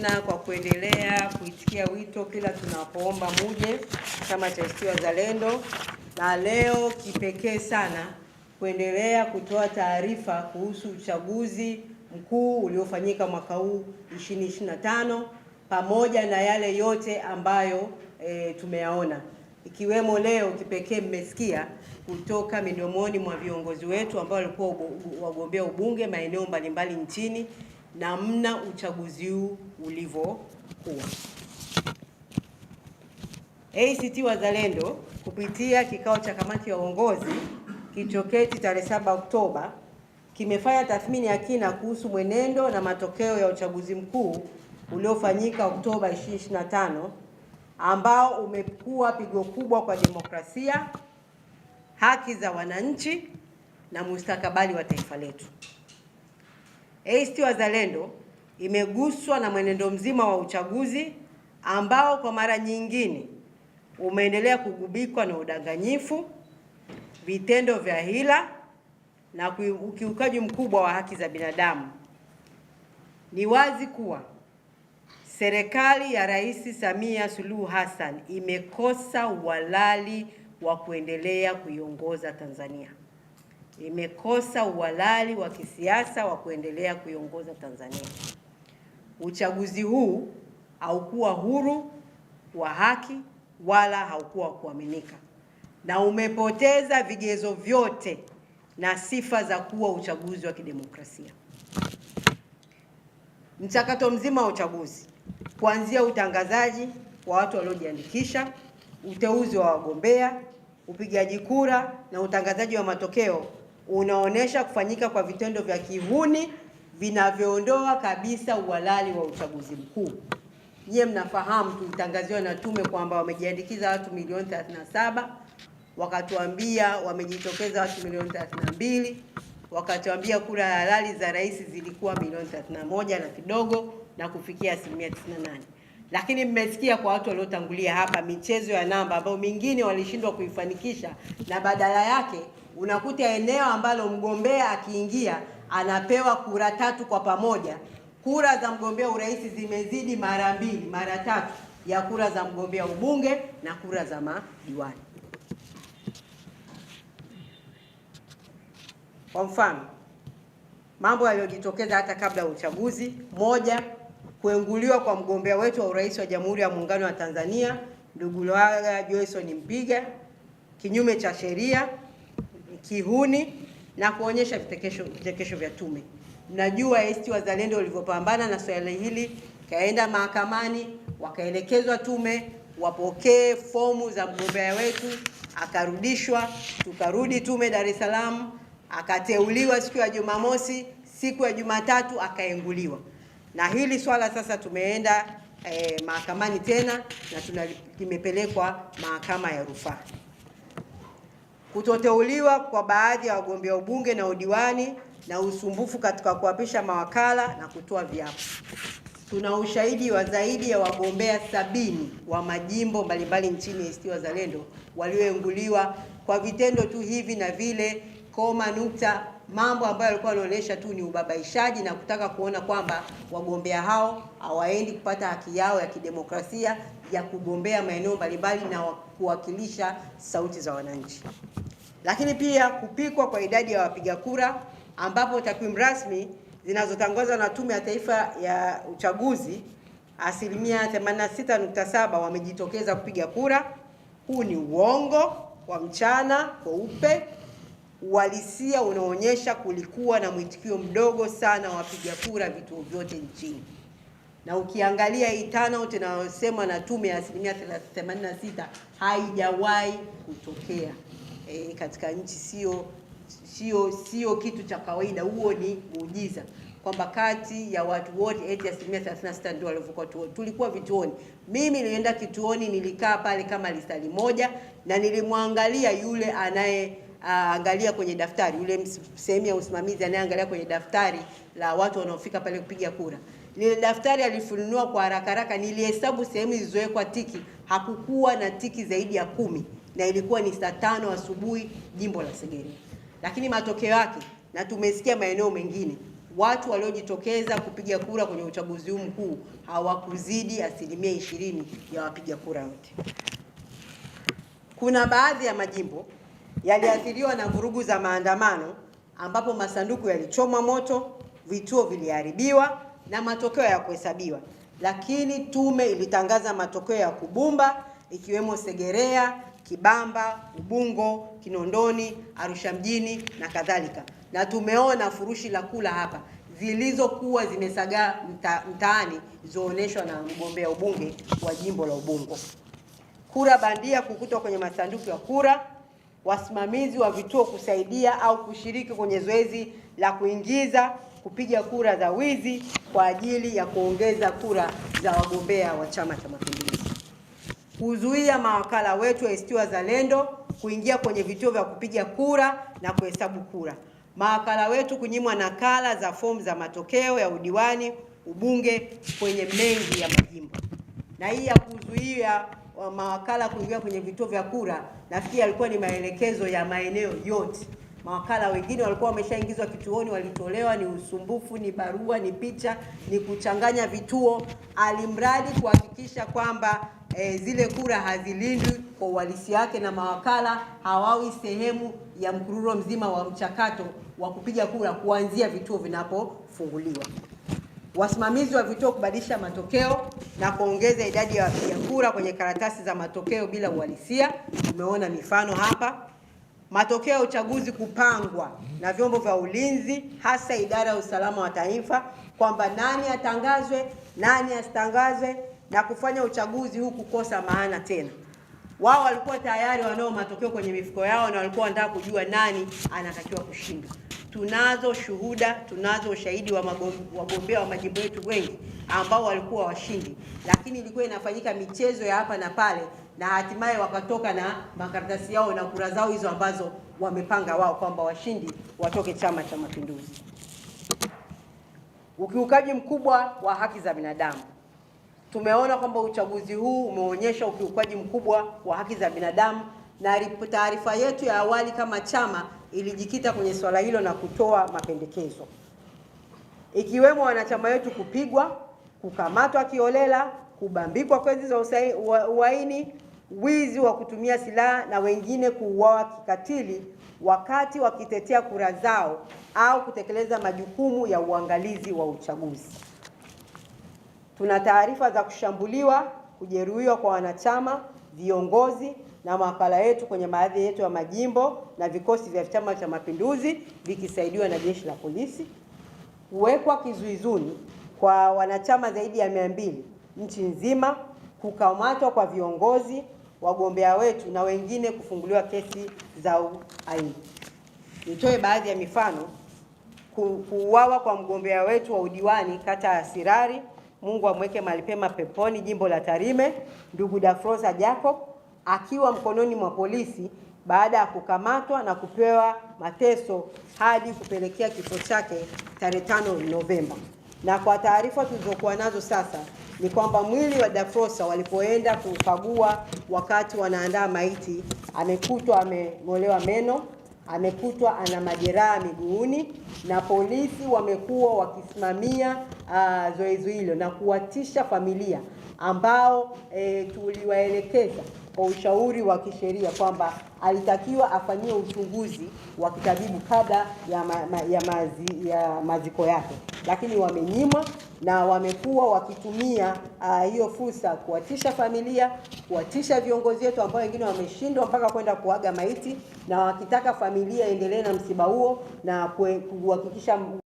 tena kwa kuendelea kuitikia wito kila tunapoomba muje chama cha ACT Wazalendo, na leo kipekee sana kuendelea kutoa taarifa kuhusu uchaguzi mkuu uliofanyika mwaka huu 2025 pamoja na yale yote ambayo e, tumeyaona ikiwemo leo kipekee mmesikia kutoka midomoni mwa viongozi wetu ambao walikuwa wagombea ubunge maeneo mbalimbali nchini namna uchaguzi huu ulivyokuwa. ACT Wazalendo kupitia kikao cha kamati ya uongozi kilichoketi tarehe 7 Oktoba kimefanya tathmini ya kina kuhusu mwenendo na matokeo ya uchaguzi mkuu uliofanyika Oktoba 2025 ambao umekuwa pigo kubwa kwa demokrasia, haki za wananchi na mustakabali wa taifa letu. ACT Wazalendo imeguswa na mwenendo mzima wa uchaguzi ambao kwa mara nyingine umeendelea kugubikwa na udanganyifu, vitendo vya hila na ukiukaji mkubwa wa haki za binadamu. Ni wazi kuwa serikali ya Rais Samia Suluhu Hassan imekosa uhalali wa kuendelea kuiongoza Tanzania imekosa uhalali wa kisiasa wa kuendelea kuiongoza Tanzania. Uchaguzi huu haukuwa huru wa haki wala haukuwa wa kuaminika, na umepoteza vigezo vyote na sifa za kuwa uchaguzi wa kidemokrasia. Mchakato mzima wa uchaguzi kuanzia utangazaji wa watu waliojiandikisha, uteuzi wa wagombea, upigaji kura na utangazaji wa matokeo unaonesha kufanyika kwa vitendo vya kihuni vinavyoondoa kabisa uhalali wa uchaguzi mkuu. nyiye mnafahamu tulitangaziwa na tume kwamba wamejiandikiza watu milioni 37, wakatuambia wamejitokeza watu milioni 32, wakatuambia kura halali za rais zilikuwa milioni 31 na kidogo na kufikia asilimia 98. Lakini mmesikia kwa watu waliotangulia hapa michezo ya namba ambayo mingine walishindwa kuifanikisha na badala yake unakuta eneo ambalo mgombea akiingia anapewa kura tatu kwa pamoja, kura za mgombea urais zimezidi mara mbili mara tatu ya kura za mgombea ubunge na kura za madiwani. Kwa mfano, mambo yaliyojitokeza hata kabla ya uchaguzi: moja, kuenguliwa kwa mgombea wetu wa urais wa Jamhuri ya Muungano wa Tanzania ndugu Lwaga Joyson Mpiga kinyume cha sheria kihuni na kuonyesha vitekesho, vitekesho vya tume. Mnajua ACT Wazalendo walivyopambana na swala hili, kaenda mahakamani, wakaelekezwa tume wapokee fomu za mgombea wetu, akarudishwa. Tukarudi tume Dar es Salaam, akateuliwa siku ya Jumamosi, siku ya Jumatatu akaenguliwa. Na hili swala sasa tumeenda eh, mahakamani tena na tuna limepelekwa mahakama ya rufaa kutoteuliwa kwa baadhi ya wagombea ubunge na udiwani na usumbufu katika kuapisha mawakala na kutoa viapo. Tuna ushahidi wa zaidi ya wagombea sabini wa majimbo mbalimbali nchini ACT Wazalendo walioenguliwa kwa vitendo tu hivi na vile, koma, nukta, mambo ambayo yalikuwa yanaonyesha tu ni ubabaishaji na kutaka kuona kwamba wagombea hao hawaendi kupata haki yao ya kidemokrasia ya kugombea maeneo mbalimbali na kuwakilisha sauti za wananchi lakini pia kupikwa kwa idadi ya wapiga kura, ambapo takwimu rasmi zinazotangazwa na Tume ya Taifa ya Uchaguzi, asilimia 86.7 wamejitokeza kupiga kura. Huu ni uongo wa mchana kweupe. Uhalisia unaonyesha kulikuwa na mwitikio mdogo sana wa wapiga kura vituo vyote nchini, na ukiangalia hii turnout inayosemwa na tume ya asilimia 86 haijawahi kutokea e, katika nchi sio sio sio kitu cha kawaida. Huo ni muujiza kwamba kati ya watu wote eti asilimia 36 ndio walivyokuwa tuoni. Tulikuwa vituoni, mimi nilienda kituoni, nilikaa pale kama lisali moja na nilimwangalia yule anaye angalia kwenye daftari, yule sehemu ya usimamizi anayeangalia kwenye daftari la watu wanaofika pale kupiga kura. Lile daftari alifununua kwa haraka haraka, nilihesabu sehemu zilizowekwa tiki, hakukuwa na tiki zaidi ya kumi na ilikuwa ni saa tano asubuhi jimbo la segerea lakini matokeo yake na tumesikia maeneo mengine watu waliojitokeza kupiga kura kwenye uchaguzi huu mkuu hawakuzidi asilimia ishirini ya wapiga kura wote. Kuna baadhi ya majimbo yaliathiriwa na vurugu za maandamano ambapo masanduku yalichomwa moto, vituo viliharibiwa na matokeo ya kuhesabiwa, lakini tume ilitangaza matokeo ya kubumba, ikiwemo Segerea Kibamba, Ubungo, Kinondoni, Arusha mjini na kadhalika, na tumeona furushi la kula hapa zilizokuwa zimesagaa mta, mtaani zilizoonyeshwa na mgombea ubunge wa jimbo la Ubungo. Kura bandia kukutwa kwenye masanduku ya kura, wasimamizi wa vituo kusaidia au kushiriki kwenye zoezi la kuingiza kupiga kura za wizi kwa ajili ya kuongeza kura za wagombea wa Chama cha Mapinduzi kuzuia mawakala wetu wa ACT Wazalendo kuingia kwenye vituo vya kupiga kura na kuhesabu kura, mawakala wetu kunyimwa nakala za fomu za matokeo ya udiwani, ubunge kwenye mengi ya majimbo. Na hii ya kuzuia uh, mawakala kuingia kwenye vituo vya kura, nafikiri yalikuwa ni maelekezo ya maeneo yote. Mawakala wengine walikuwa wameshaingizwa kituoni, walitolewa. Ni usumbufu, ni barua, ni picha, ni kuchanganya vituo, alimradi kuhakikisha kwamba e, zile kura hazilindwi kwa uhalisi wake na mawakala hawawi sehemu ya mkururo mzima wa mchakato wa kupiga kura kuanzia vituo vinapofunguliwa. Wasimamizi wa vituo kubadilisha matokeo na kuongeza idadi ya wapiga kura kwenye karatasi za matokeo bila uhalisia, umeona mifano hapa. Matokeo ya uchaguzi kupangwa na vyombo vya ulinzi, hasa idara ya usalama wa taifa, kwamba nani atangazwe, nani asitangazwe na kufanya uchaguzi huu kukosa maana tena. Wao walikuwa tayari wanao matokeo kwenye mifuko yao na walikuwa wanataka kujua nani anatakiwa kushinda. Tunazo shuhuda, tunazo ushahidi wa wagombea wa majimbo yetu wengi ambao walikuwa washindi, lakini ilikuwa inafanyika michezo ya hapa na pale, na hatimaye wakatoka na makaratasi yao na kura zao hizo ambazo wamepanga wao kwamba washindi watoke Chama cha Mapinduzi. Ukiukaji mkubwa wa haki za binadamu Tumeona kwamba uchaguzi huu umeonyesha ukiukwaji mkubwa wa haki za binadamu, na taarifa yetu ya awali kama chama ilijikita kwenye swala hilo na kutoa mapendekezo ikiwemo wanachama wetu kupigwa, kukamatwa kiholela, kubambikwa kesi za uhaini, wizi wa kutumia silaha na wengine kuuawa kikatili wakati wakitetea kura zao au kutekeleza majukumu ya uangalizi wa uchaguzi. Tuna taarifa za kushambuliwa, kujeruhiwa kwa wanachama, viongozi na mawakala yetu kwenye baadhi yetu ya majimbo na vikosi vya Chama cha Mapinduzi vikisaidiwa na jeshi la polisi, kuwekwa kizuizuni kwa wanachama zaidi ya mia mbili nchi nzima, kukamatwa kwa viongozi wagombea wetu na wengine kufunguliwa kesi za uhaini. Nitoe baadhi ya mifano: kuuawa kwa mgombea wetu wa udiwani kata ya Sirari Mungu amweke mahali pema peponi, jimbo la Tarime, ndugu Dafrosa Jacob akiwa mkononi mwa polisi baada ya kukamatwa na kupewa mateso hadi kupelekea kifo chake tarehe tano Novemba. Na kwa taarifa tulizokuwa nazo sasa ni kwamba mwili wa Dafrosa walipoenda kukagua wakati wanaandaa maiti, amekutwa ameng'olewa meno amekutwa ana majeraha miguuni, na polisi wamekuwa wakisimamia uh, zoezi hilo na kuwatisha familia ambao e, tuliwaelekeza kwa ushauri wa kisheria kwamba alitakiwa afanyie uchunguzi wa kitabibu kabla ya, ma, ma, ya, mazi, ya maziko yake, lakini wamenyimwa na wamekuwa wakitumia uh, hiyo fursa kuwatisha familia, kuwatisha viongozi wetu ambao wengine wameshindwa mpaka kwenda kuaga maiti, na wakitaka familia endelee na msiba huo na kuhakikisha